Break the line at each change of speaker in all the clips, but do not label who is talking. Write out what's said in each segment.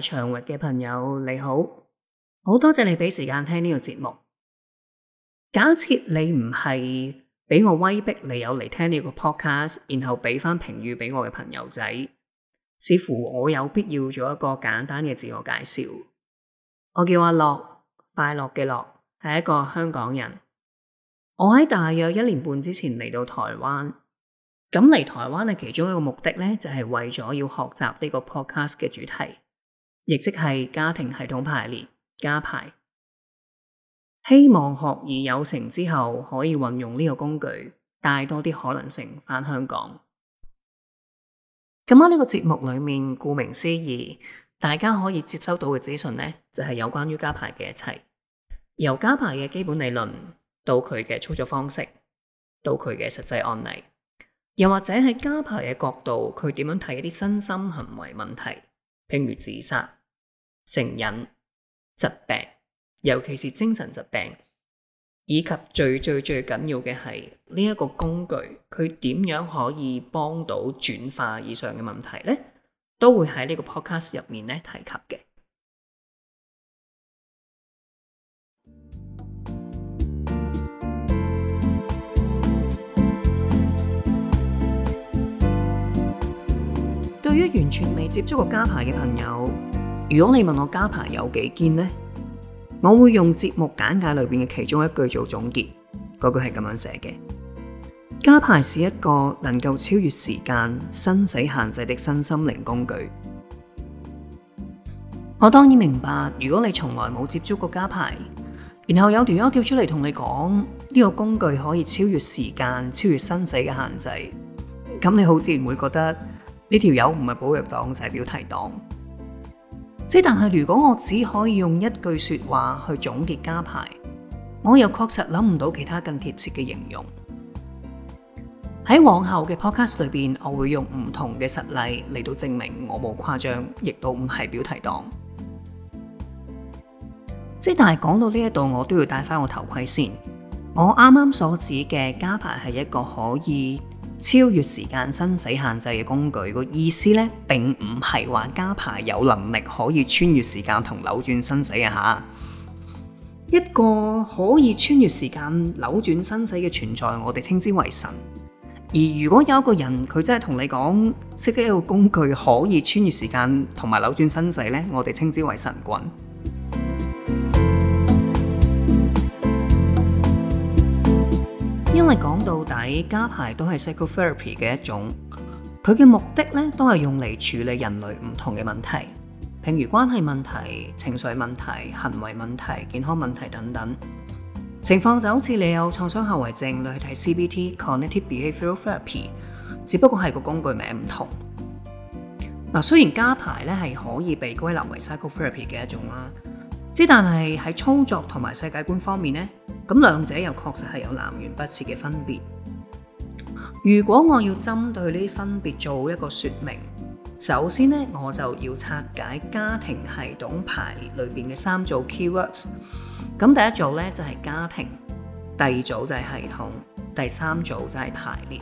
長域嘅朋友你好，好多謝你俾時間聽呢個節目。假設你唔係俾我威逼你有嚟聽呢個 podcast，然後俾翻評語俾我嘅朋友仔，似乎我有必要做一個簡單嘅自我介紹。我叫阿樂，快樂嘅樂，係一個香港人。我喺大約一年半之前嚟到台灣，咁嚟台灣嘅其中一個目的咧，就係為咗要學習呢個 podcast 嘅主題。亦即係家庭系統排列家排，希望學而有成之後，可以運用呢個工具帶多啲可能性返香港。咁喺呢個節目裏面，顧名思義，大家可以接收到嘅資訊呢，就係有關於家排嘅一切，由家排嘅基本理論到佢嘅操作方式，到佢嘅實際案例，又或者喺家排嘅角度，佢點樣睇一啲身心行為問題，譬如自殺。成癮疾病，尤其是精神疾病，以及最最最緊要嘅係呢一個工具，佢點樣可以幫到轉化以上嘅問題呢？都會喺呢個 podcast 入面咧提及嘅。對於完全未接觸過家排嘅朋友。如果你問我家排有幾堅呢？我會用節目簡介裏面嘅其中一句做總結，嗰句係咁樣寫嘅：家排是一個能夠超越時間、生死限制的身心靈工具。我當然明白，如果你從來冇接觸過家排，然後有條友跳出嚟同你講呢這個工具可以超越時間、超越生死嘅限制，咁你好自然會覺得呢條友唔係保育黨，就係標題黨。即但係，如果我只可以用一句說話去總結家排，我又確實諗唔到其他更貼切嘅形容。喺往後嘅 podcast 裏邊，我會用唔同嘅實例嚟到證明我冇誇張，亦都唔係標題黨。即但係講到呢一度，我都要戴翻我頭盔先。我啱啱所指嘅家排係一個可以。超越時間生死限制嘅工具個意思呢，並唔係話家排有能力可以穿越時間同扭轉生死嘅吓。一個可以穿越時間扭轉生死嘅存在，我哋稱之為神。而如果有一個人佢真係同你講識得一個工具可以穿越時間同埋扭轉生死呢，我哋稱之為神棍。因為講到。喺加排都係 psychotherapy 嘅一種，佢嘅目的咧都係用嚟處理人類唔同嘅問題，譬如關係問題、情緒問題、行為問題、健康問題等等。情況就好似你有創傷後遺症，你去睇 CBT、cognitive behavioral therapy，只不過係個工具名唔同。嗱，雖然加排咧係可以被歸納為 psychotherapy 嘅一種啦，之但係喺操作同埋世界觀方面呢，咁兩者又確實係有南轅北轍嘅分別。如果我要針對呢啲分別做一個說明，首先呢，我就要拆解家庭系統排列裏邊嘅三組 keywords。咁第一組呢，就係家庭，第二組就係系統，第三組就係排列。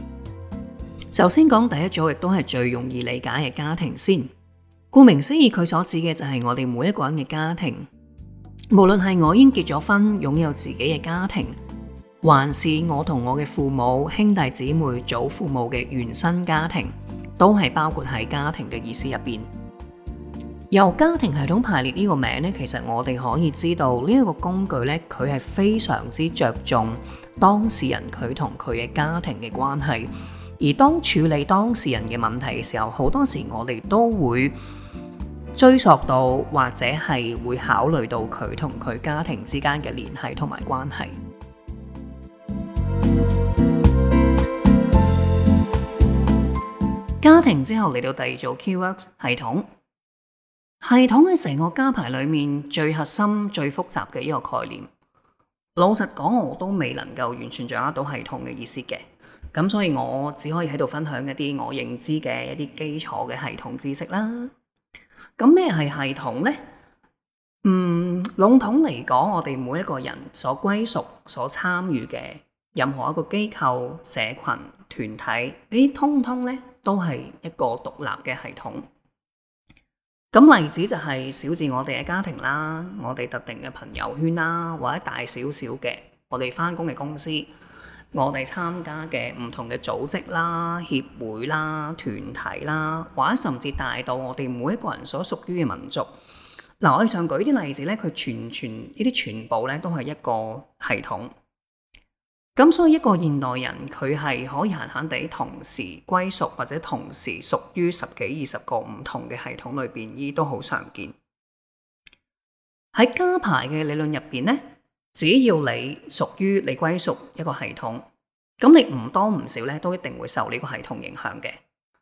首先講第一組，亦都係最容易理解嘅家庭先。顧名思義，佢所指嘅就係我哋每一個人嘅家庭，無論係我已經結咗婚，擁有自己嘅家庭。還是我同我嘅父母、兄弟姊妹、祖父母嘅原生家庭，都係包括喺家庭嘅意思入邊。由家庭系統排列呢個名呢，其實我哋可以知道呢一個工具呢，佢係非常之着重當事人佢同佢嘅家庭嘅關係。而當處理當事人嘅問題嘅時候，好多時我哋都會追溯到或者係會考慮到佢同佢家庭之間嘅聯繫同埋關係。家庭之後，嚟到第二組 keywords 系統，系統係成個家排裏面最核心、最複雜嘅一個概念。老實講，我都未能夠完全掌握到系統嘅意思嘅，咁所以我只可以喺度分享一啲我認知嘅一啲基礎嘅系統知識啦。咁咩係系統呢？嗯，籠統嚟講，我哋每一個人所歸屬、所參與嘅任何一個機構、社群、團體，呢啲通通呢，都係一個獨立嘅系統。咁例子就係小至我哋嘅家庭啦，我哋特定嘅朋友圈啦，或者大少少嘅我哋翻工嘅公司，我哋參加嘅唔同嘅組織啦、協會啦、團體啦，或者甚至大到我哋每一個人所屬於嘅民族。嗱，我哋上舉啲例子呢，佢全全呢啲全部呢都係一個系統。咁所以一個現代人佢係可以閒閒地同時歸屬或者同時屬於十幾二十個唔同嘅系統裏邊，依都好常見。喺家排嘅理論入邊呢，只要你屬於你歸屬一個系統，咁你唔多唔少咧都一定會受呢個系統影響嘅。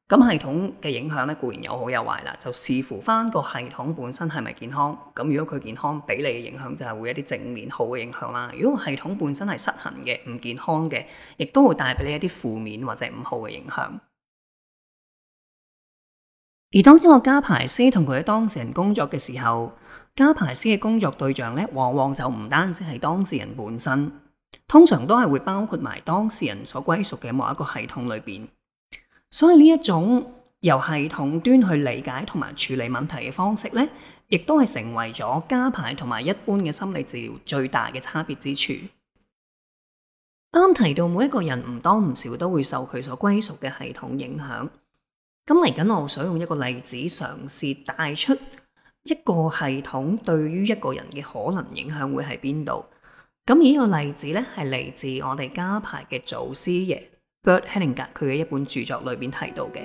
咁系統嘅影響呢，固然有好有壞啦，就視乎翻個系統本身係咪健康。咁如果佢健康，畀你嘅影響就係會一啲正面好嘅影響啦。如果系統本身係失衡嘅、唔健康嘅，亦都會帶畀你一啲負面或者唔好嘅影響。而當一個加牌師同佢嘅當事人工作嘅時候，加牌師嘅工作對象呢，往往就唔單止係當事人本身，通常都係會包括埋當事人所歸屬嘅某一個系統裏邊。所以呢一種由系統端去理解同埋處理問題嘅方式呢，亦都係成為咗家排同埋一般嘅心理治療最大嘅差別之處。啱提到每一個人唔多唔少都會受佢所歸屬嘅系統影響。咁嚟緊我想用一個例子嘗試帶出一個系統對於一個人嘅可能影響會喺邊度。咁呢個例子呢，係嚟自我哋家排嘅祖師爺。Bert Hellinger 佢嘅一本著作裏邊提到嘅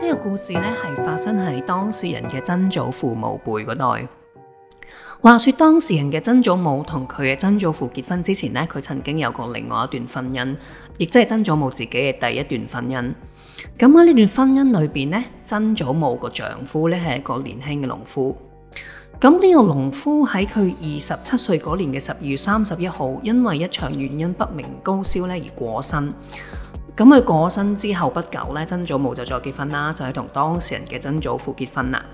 呢個故事呢，係發生喺當事人嘅曾祖父母輩嗰代。話說當事人嘅曾祖母同佢嘅曾祖父結婚之前呢，佢曾經有過另外一段婚姻，亦即係曾祖母自己嘅第一段婚姻。咁喺呢段婚姻裏邊呢，曾祖母個丈夫呢，係一個年輕嘅農夫。咁呢個農夫喺佢二十七歲嗰年嘅十二月三十一號，因為一場原因不明高燒咧而過身。咁佢過身之後不久咧，曾祖母就再結婚啦，就係同當事人嘅曾祖父結婚啦。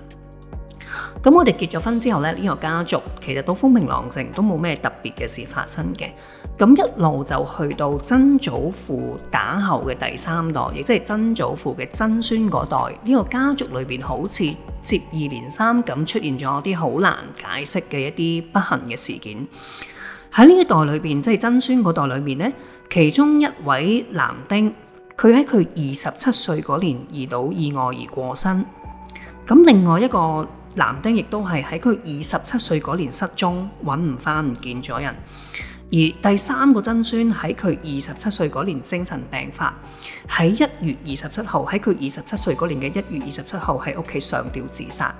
咁我哋結咗婚之後咧，呢個家族其實都風平浪靜，都冇咩特別嘅事發生嘅。咁一路就去到曾祖父打後嘅第三代，亦即係曾祖父嘅曾孫嗰代，呢個家族裏邊好似接二連三咁出現咗啲好難解釋嘅一啲不幸嘅事件。喺呢一代裏邊，即係曾孫嗰代裏邊咧，其中一位男丁佢喺佢二十七歲嗰年遇到意外而過身，咁另外一個男丁亦都係喺佢二十七歲嗰年失蹤，揾唔返，唔見咗人。而第三個曾孫喺佢二十七歲嗰年精神病發，喺一月二十七號，喺佢二十七歲嗰年嘅一月二十七號，喺屋企上吊自殺。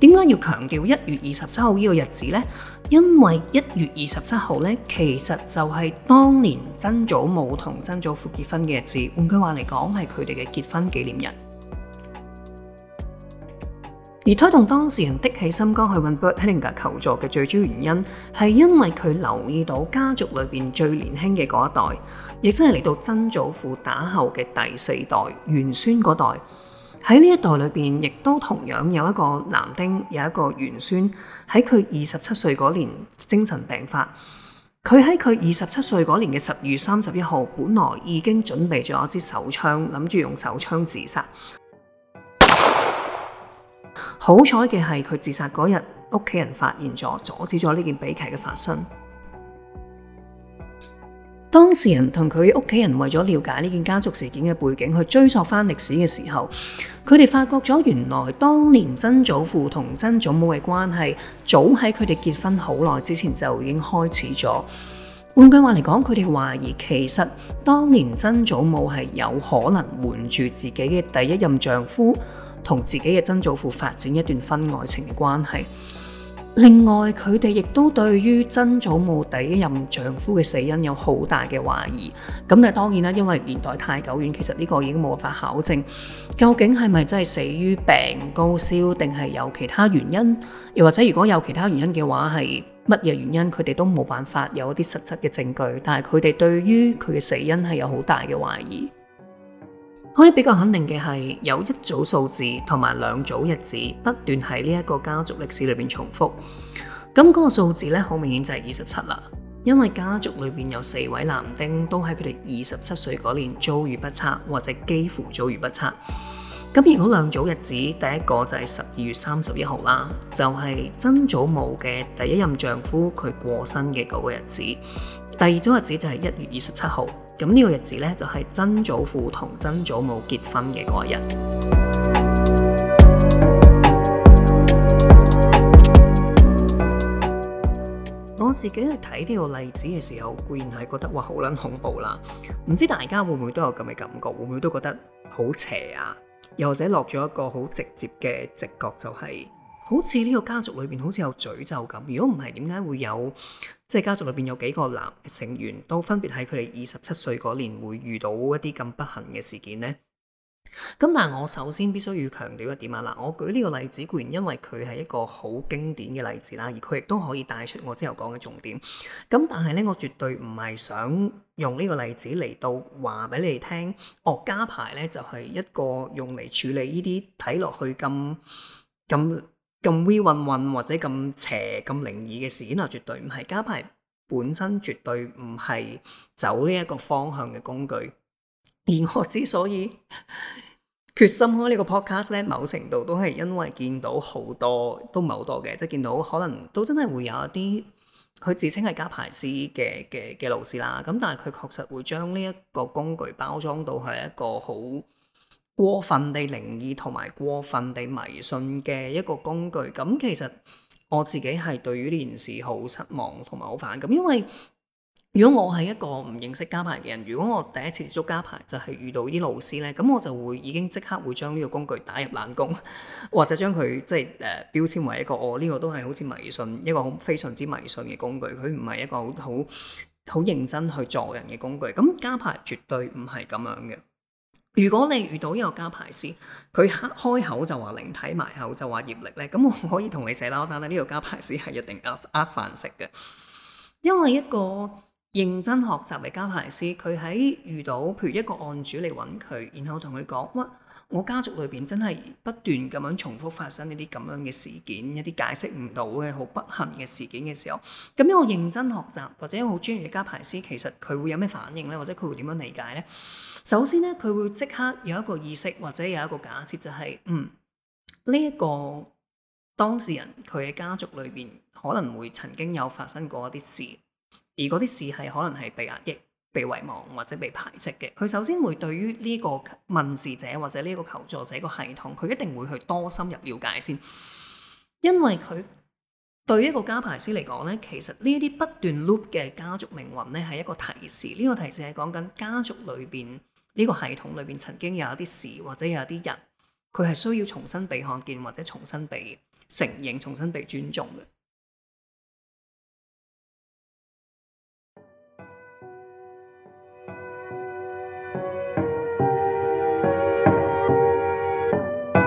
點解要強調一月二十七號呢個日子呢？因為一月二十七號咧，其實就係當年曾祖母同曾祖父結婚嘅日子。換句話嚟講，係佢哋嘅結婚紀念日。而推動當事人的起心肝去揾 Bert Hellinger 求助嘅最主要原因，係因為佢留意到家族裏面最年輕嘅嗰一代，亦即係嚟到曾祖父打後嘅第四代元孫嗰代。喺呢一代裏面，亦都同樣有一個男丁，有一個元孫喺佢二十七歲嗰年精神病發。佢喺佢二十七歲嗰年嘅十月三十一號，本來已經準備咗一支手槍，諗住用手槍自殺。好彩嘅係佢自殺嗰日，屋企人發現咗，阻止咗呢件悲劇嘅發生。當事人同佢屋企人為咗了，了解呢件家族事件嘅背景，去追溯翻歷史嘅時候，佢哋發覺咗原來當年曾祖父同曾祖母嘅關係，早喺佢哋結婚好耐之前就已經開始咗。換句話嚟講，佢哋懷疑其實當年曾祖母係有可能瞞住自己嘅第一任丈夫。同自己嘅曾祖父發展一段婚外情嘅關係。另外，佢哋亦都對於曾祖母第一任丈夫嘅死因有好大嘅懷疑。咁但當然啦，因為年代太久遠，其實呢個已經冇辦法考證，究竟係咪真係死於病高燒，定係有其他原因？又或者如果有其他原因嘅話，係乜嘢原因？佢哋都冇辦法有一啲實質嘅證據。但係佢哋對於佢嘅死因係有好大嘅懷疑。可以比較肯定嘅係，有一組數字同埋兩組日子不斷喺呢一個家族歷史裏面重複。咁嗰個數字呢，很好明顯就係二十七啦，因為家族裏面有四位男丁都喺佢哋二十七歲嗰年遭遇，不測或者幾乎遭遇不測。咁如果兩組日子，第一個就係十二月三十一號啦，就係曾祖母嘅第一任丈夫佢過身嘅嗰個日子；第二組日子就係一月二十七號。咁呢個日子呢，就係、是、曾祖父同曾祖母結婚嘅嗰日。我自己去睇呢個例子嘅時候，固然係覺得哇好撚恐怖啦，唔知大家會唔會都有咁嘅感覺？會唔會都覺得好邪啊？又或者落咗一個好直接嘅直覺，就係、是。好似呢個家族裏面好似有詛咒咁。如果唔係，點解會有即係家族裏面有幾個男成員都分別喺佢哋二十七歲嗰年會遇到一啲咁不幸嘅事件呢？咁但係我首先必須要強調一點啊！嗱，我舉呢個例子固然因為佢係一個好經典嘅例子啦，而佢亦都可以帶出我之後講嘅重點。咁但係呢，我絕對唔係想用呢個例子嚟到話俾你哋聽，哦，家排呢，就係一個用嚟處理呢啲睇落去咁咁。咁 v 混混或者咁邪咁靈異嘅事件、啊，那絕對唔係家排本身，絕對唔係走呢一個方向嘅工具。而我之所以決心開呢個 podcast 咧，某程度都係因為見到好多都唔係好多嘅，即係見到可能都真係會有一啲佢自稱係家排師嘅嘅嘅老師啦。咁但係佢確實會將呢一個工具包裝到係一個好。過分地靈異同埋過分地迷信嘅一個工具，咁其實我自己係對於呢件事好失望同埋好反感，因為如果我係一個唔認識家排嘅人，如果我第一次接觸家排就係遇到啲老師呢，咁我就會已經即刻會將呢個工具打入冷宮，或者將佢即係誒標籤為一個我呢、哦這個都係好似迷信一個好非常之迷信嘅工具，佢唔係一個好好好認真去助人嘅工具。咁家排絕對唔係咁樣嘅。如果你遇到一個加牌師，佢開口就話靈體，體埋口就話業力咧，咁我可以同你寫包單啦。呢個加牌師係一定呃呃飯食嘅，因為一個認真學習嘅加牌師，佢喺遇到譬如一個案主嚟揾佢，然後同佢講哇，我家族裏邊真係不斷咁樣重複發生呢啲咁樣嘅事件，一啲解釋唔到嘅好不幸嘅事件嘅時候，咁一個認真學習或者一個好專業嘅加牌師，其實佢會有咩反應呢？或者佢會點樣理解呢？」首先咧，佢會即刻有一個意識或者有一個假設，就係嗯呢一個當事人佢嘅家族裏邊可能會曾經有發生過一啲事，而嗰啲事係可能係被壓抑、被遺忘或者被排斥嘅。佢首先會對於呢一個問事者或者呢一個求助者個系統，佢一定會去多深入了解先，因為佢對於一個家排師嚟講咧，其實呢一啲不斷 loop 嘅家族命運咧係一個提示，呢個提示係講緊家族裏邊。呢、這個系統裏面曾經有一啲事或者有一啲人，佢係需要重新被看見或者重新被承認、重新被尊重嘅。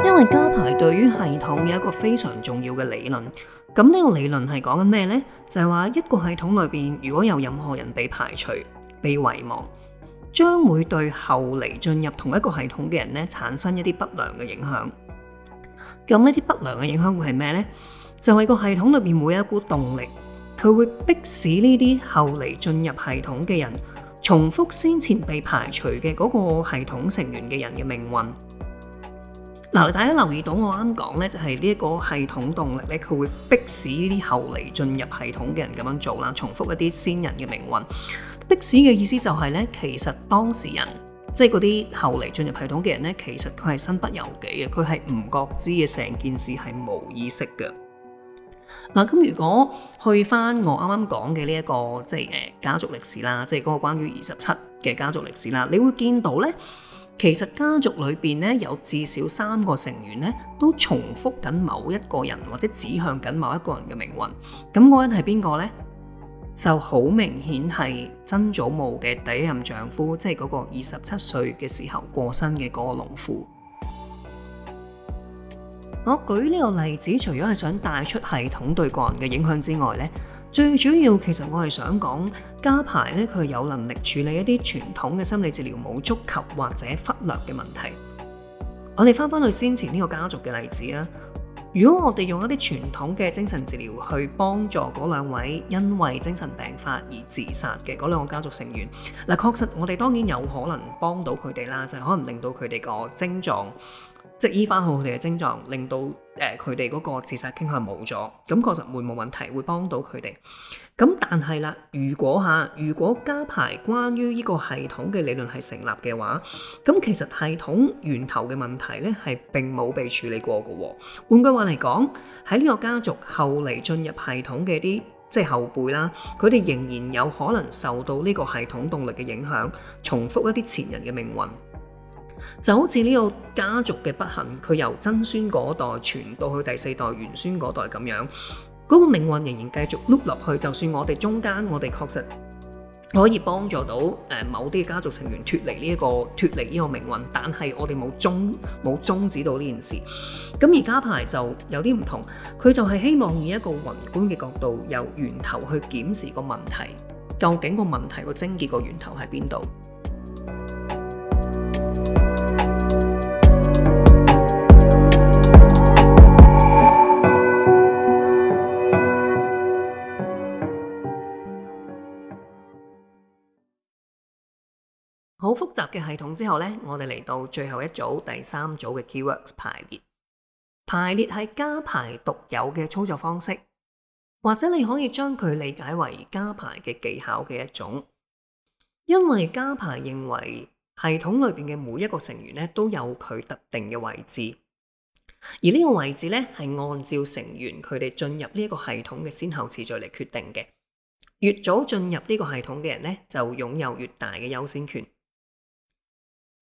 因為家排對於系統有一個非常重要嘅理論，咁呢個理論係講緊咩呢？就係、是、話一個系統裏面，如果有任何人被排除、被遺忘。將會對後嚟進入同一個系統嘅人呢產生一啲不良嘅影響。咁呢啲不良嘅影響會係咩呢？就係個系統裏邊每一股動力，佢會迫使呢啲後嚟進入系統嘅人，重複先前被排除嘅嗰個系統成員嘅人嘅命運。嗱，大家留意到我啱講呢，就係呢一個系統動力呢，佢會迫使呢啲後嚟進入系統嘅人咁樣做啦，重複一啲先人嘅命運。逼使嘅意思就係呢，其實當事人即係嗰啲後嚟進入系統嘅人呢，其實佢係身不由己嘅，佢係唔覺知嘅，成件事係冇意識嘅。嗱，咁如果去翻我啱啱講嘅呢一個即係誒家族歷史啦，即係嗰個關於二十七嘅家族歷史啦，你會見到呢，其實家族裏邊呢，有至少三個成員呢，都重複緊某一個人或者指向緊某一個人嘅命運。咁嗰人係邊個呢？就好明顯係曾祖母嘅第一任丈夫，即係嗰個二十七歲嘅時候過身嘅嗰個農夫。我舉呢個例子，除咗係想帶出系統對個人嘅影響之外咧，最主要其實我係想講，家排咧，佢有能力處理一啲傳統嘅心理治療冇觸及或者忽略嘅問題。我哋翻翻去先前呢個家族嘅例子啦。如果我哋用一啲傳統嘅精神治療去幫助嗰兩位因為精神病發而自殺嘅嗰兩個家族成員，嗱，確實我哋當然有可能幫到佢哋啦，就係可能令到佢哋個症狀。即係醫翻好佢哋嘅症狀，令到呃，佢哋嗰個自殺傾向冇咗，咁確實會冇問題，會幫到佢哋。咁但係啦，如果下，如果加排關於呢個系統嘅理論係成立嘅話，咁其實系統源頭嘅問題呢係並冇被處理過㗎喎。換句話嚟講，喺呢個家族後嚟進入系統嘅啲即係後輩啦，佢哋仍然有可能受到呢個系統動力嘅影響，重複一啲前人嘅命運。就好似呢個家族嘅不幸，佢由曾孫嗰代傳到去第四代玄孫嗰代咁樣，嗰、嗰個命運仍然繼續碌落去。就算我哋中間，我哋確實可以幫助到誒某啲家族成員脫離呢一個脫離呢個命運，但係我哋冇終冇終止到呢件事。咁而家排就有啲唔同，佢就係希望以一個宏觀嘅角度，由源頭去檢視個問題，究竟個問題個症結個源頭喺邊度？複雜嘅系統之後呢，我哋嚟到最後一組第三組嘅 keywords 排列。排列係家排獨有嘅操作方式，或者你可以將佢理解為家排嘅技巧嘅一種，因為家排認為系統裏邊嘅每一個成員呢都有佢特定嘅位置，而呢個位置呢係按照成員佢哋進入呢個系統嘅先後次序嚟決定嘅，越早進入呢個系統嘅人呢，就擁有越大嘅優先權。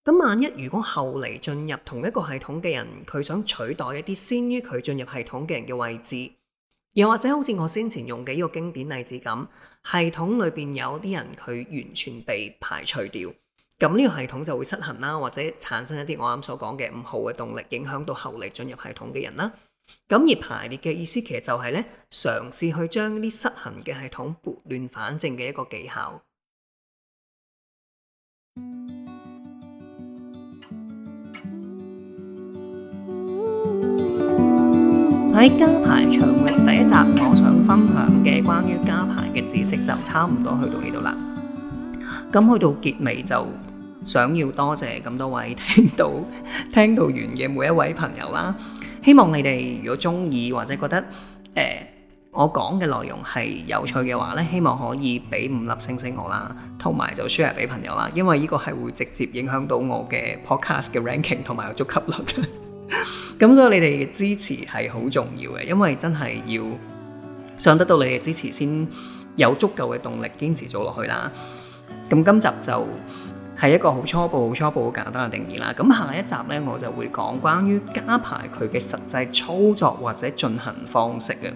咁萬一如果後嚟進入同一個系統嘅人，佢想取代一啲先於佢進入系統嘅人嘅位置，又或者好似我先前用嘅呢個經典例子咁，系統裏邊有啲人佢完全被排除掉，咁呢個系統就會失衡啦，或者產生一啲我啱所講嘅唔好嘅動力，影響到後嚟進入系統嘅人啦。咁而排列嘅意思其實就係呢：嘗試去將啲失衡嘅系統撥亂反正嘅一個技巧。喺、哎、家排長榮第一集，我想分享嘅關於家排嘅知識就差唔多去到呢度啦。咁去到結尾就想要多謝咁多位聽到聽到完嘅每一位朋友啦。希望你哋如果中意或者覺得誒、欸、我講嘅內容係有趣嘅話咧，希望可以俾五粒星星我啦，同埋就 share 俾朋友啦，因為呢個係會直接影響到我嘅 podcast 嘅 ranking 同埋我足收率。咁 所以你哋嘅支持係好重要嘅，因為真係要想得到你哋支持，先有足夠嘅動力堅持做落去啦。咁今集就係一個好初步、好初步、好簡單嘅定義啦。咁下一集呢，我就會講關於家排佢嘅實際操作或者進行方式嘅。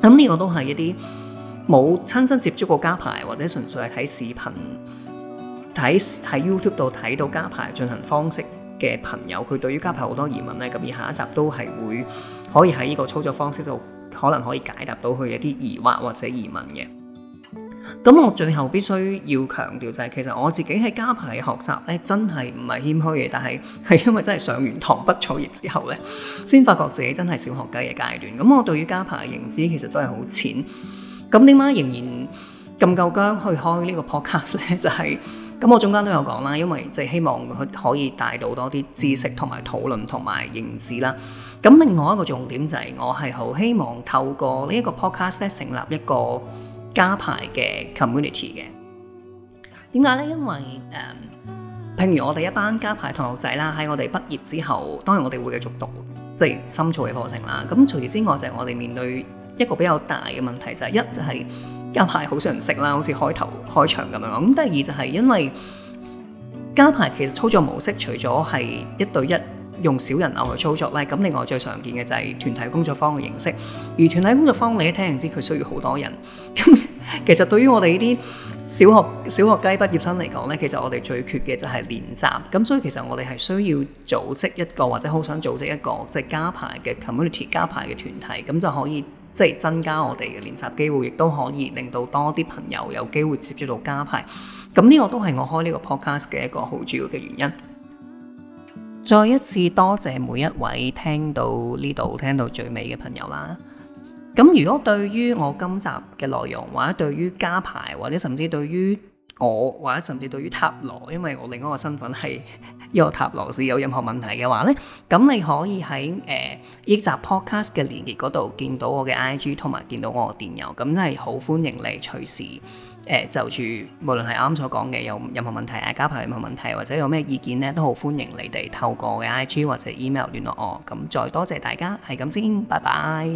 咁呢個都係一啲冇親身接觸過家排，或者純粹係睇視頻、睇喺 YouTube 度睇到家排進行方式。嘅朋友，佢對於家排好多疑問呢，咁而下一集都係會可以喺呢個操作方式度，可能可以解答到佢一啲疑惑或者疑問嘅。咁我最後必須要強調就係、是，其實我自己喺家排學習呢，真係唔係謙虛嘅，但係係因為真係上完堂畢咗業之後呢，先發覺自己真係小學雞嘅階段。咁我對於家排嘅認知其實都係好淺。咁點解仍然咁夠薑去開呢個 podcast 呢？就係、是。咁我中間都有講啦，因為即係希望佢可以帶到多啲知識同埋討論同埋認知啦。咁另外一個重點就係、是、我係好希望透過呢一個 podcast 咧，成立一個家排嘅 community 嘅。點解呢？因為誒、嗯，譬如我哋一班家排同學仔啦，喺我哋畢業之後，當然我哋會繼續讀即係、就是、深造嘅課程啦。咁除此之外，就係我哋面對一個比較大嘅問題、就是，就係一就係、是。家排好少人識啦，好似開頭開場咁樣。咁第二就係因為家排其實操作模式，除咗係一對一用小人偶去操作咧，咁另外最常見嘅就係團體工作坊嘅形式。而團體工作坊你一聽就知佢需要好多人。咁其實對於我哋呢啲小學小學雞畢業生嚟講咧，其實我哋最缺嘅就係練習。咁所以其實我哋係需要組織一個或者好想組織一個即係、就是、家排嘅 community 家排嘅團體，咁就可以。即係增加我哋嘅練習機會，亦都可以令到多啲朋友有機會接觸到家排。咁呢個都係我開呢個 podcast 嘅一個好主要嘅原因。 再一次多謝,謝每一位聽到呢度聽到最尾嘅朋友啦。咁如果對於我今集嘅內容，或者對於家排，或者甚至對於我，或者甚至對於塔羅，因為我另外一個身份係。若塔羅是有任何問題嘅話呢，咁你可以喺誒億集 podcast 嘅連結嗰度見到我嘅 IG 同埋見到我嘅電郵，咁真係好歡迎你隨時、呃、就住，無論係啱啱所講嘅有任何問題啊，家排有冇問題或者有咩意見呢，都好歡迎你哋透過我嘅 IG 或者 email 聯絡我，咁再多謝大家，係咁先，拜拜。